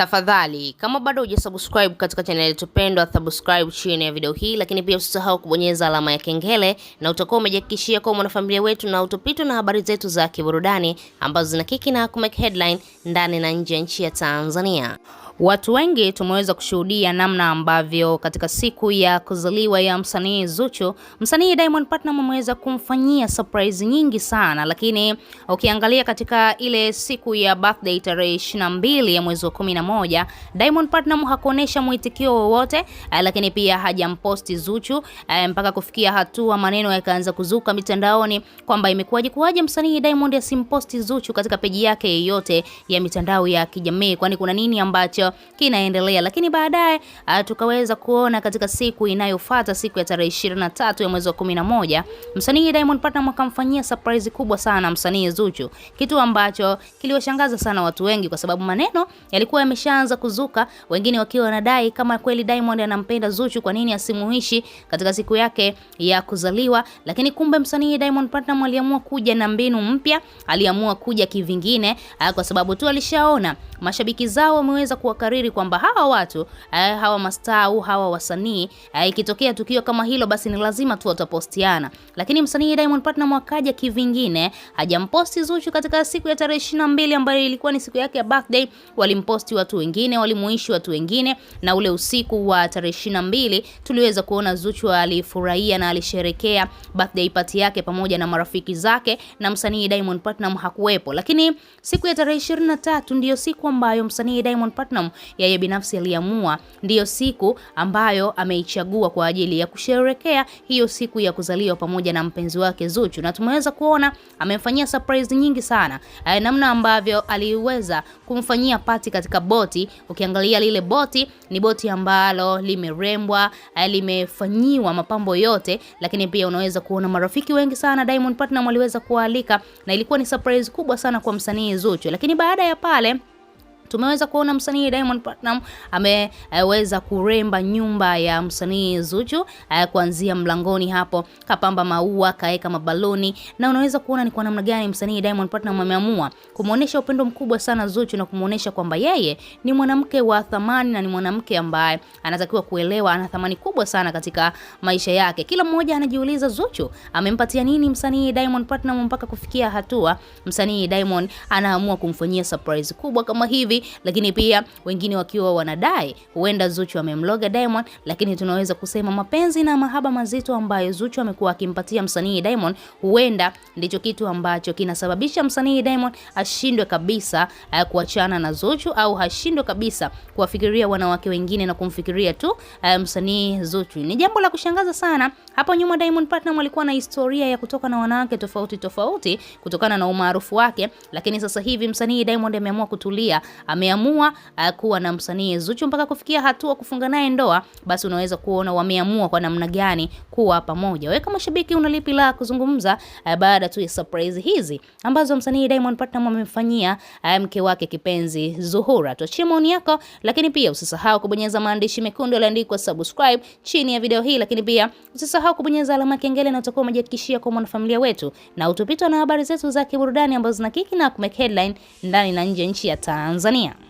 Tafadhali kama bado hujasubscribe katika channel yetu pendwa, subscribe chini ya video hii, lakini pia usisahau kubonyeza alama ya kengele, na utakuwa umejihakikishia kuwa mwanafamilia wetu na utopitwa na habari zetu za kiburudani ambazo zinakiki na kumake headline ndani na nje ya nchi ya Tanzania. Watu wengi tumeweza kushuhudia namna ambavyo katika siku ya kuzaliwa ya msanii Zuchu, msanii Diamond Platnumz ameweza kumfanyia surprise nyingi sana, lakini ukiangalia katika ile siku ya birthday tarehe mbili ya mwezi wa moja Diamond Platnumz hakuonesha mwitikio wowote, eh, lakini pia hajamposti Zuchu eh, mpaka kufikia hatua maneno yakaanza kuzuka mitandaoni kwamba imekuwaje kuwaje msanii Diamond asimposti Zuchu katika peji yake yote ya mitandao ya kijamii, kwani kuna nini ambacho kinaendelea, lakini baadaye ah, tukaweza kuona katika siku inayofuata siku ya tarehe 23 ya mwezi wa 11 msanii Diamond Platnumz akamfanyia surprise kubwa sana msanii Zuchu, kitu ambacho kiliwashangaza sana watu wengi kwa sababu maneno yalikuwa yameshaanza kuzuka, wengine wakiwa wanadai kama kweli Diamond anampenda Zuchu, kwa nini asimuishi katika siku yake ya kuzaliwa? Lakini kumbe msanii Diamond Platnumz aliamua kuja na mbinu mpya, aliamua kuja kivingine ah, kwa sababu tu alishaona mashabiki zao wameweza kuwakariri kwamba hawa watu eh, hawa mastaa au hawa wasanii eh, ikitokea tukio kama hilo basi ni lazima tu watapostiana. Lakini msanii Diamond Platnumz akaja kivingine, hajamposti Zuchu katika siku ya tarehe mbili ambayo ilikuwa ni siku yake ya birthday, walimposti watu wengine, walimuishi watu wengine, na ule usiku wa tarehe mbili tuliweza kuona Zuchu alifurahia na alisherekea birthday party yake pamoja na marafiki zake, na msanii Diamond Platnumz hakuwepo. Lakini siku ya tarehe 23 ndiyo siku ambayo msanii Diamond Platinum yeye binafsi aliamua ndiyo siku ambayo ameichagua kwa ajili ya kusherehekea hiyo siku ya kuzaliwa pamoja na mpenzi wake Zuchu, na tumeweza kuona amemfanyia surprise nyingi sana, eh, namna ambavyo aliweza kumfanyia pati katika boti. Ukiangalia lile boti ni boti ambalo limerembwa, eh, limefanyiwa mapambo yote, lakini pia unaweza kuona marafiki wengi sana Diamond Platinum aliweza kualika, na ilikuwa ni surprise kubwa sana kwa msanii Zuchu, lakini baada ya pale Tumeweza kuona msanii Diamond Platnum ameweza eh, kuremba nyumba ya msanii Zuchu eh, kuanzia mlangoni hapo, kapamba maua, kaeka mabaloni na unaweza kuona ni kwa namna gani msanii Diamond Platnum ameamua kumuonesha upendo mkubwa sana Zuchu na kumuonesha kwamba yeye ni mwanamke wa thamani na ni mwanamke ambaye anatakiwa kuelewa ana thamani kubwa sana katika maisha yake. Kila mmoja anajiuliza Zuchu amempatia nini msanii Diamond Platnum mpaka kufikia hatua msanii Diamond anaamua kumfanyia surprise kubwa kama hivi lakini pia wengine wakiwa wanadai huenda Zuchu amemloga Diamond, lakini tunaweza kusema mapenzi na mahaba mazito ambayo Zuchu amekuwa akimpatia msanii Diamond huenda ndicho kitu ambacho kinasababisha msanii Diamond ashindwe kabisa eh, kuachana na Zuchu au hashindwe kabisa kuwafikiria wanawake wengine na kumfikiria tu eh, msanii Zuchu. Ni jambo la kushangaza sana. Hapo nyuma Diamond Platnumz alikuwa na historia ya kutoka na wanawake tofauti tofauti kutokana na umaarufu wake, lakini sasa hivi msanii Diamond ameamua kutulia ameamua eh, kuwa na msanii Zuchu mpaka kufikia hatua kufunga naye ndoa, basi unaweza kuona wameamua kwa namna gani kuwa pamoja. Wewe kama shabiki una lipi la kuzungumza eh, baada tu ya surprise hizi ambazo msanii Diamond Platnumz amemfanyia eh, mke wake kipenzi Zuhura? Tuachie maoni yako, lakini pia usisahau kubonyeza maandishi mekundu yaliandikwa subscribe chini ya video hii, lakini pia usisahau kubonyeza alama kengele na utakuwa umejihakikishia kwa mwanafamilia wetu na utupitwa na habari zetu za kiburudani ambazo zina kiki na kumake headline ndani na nje nchi ya Tanzania. can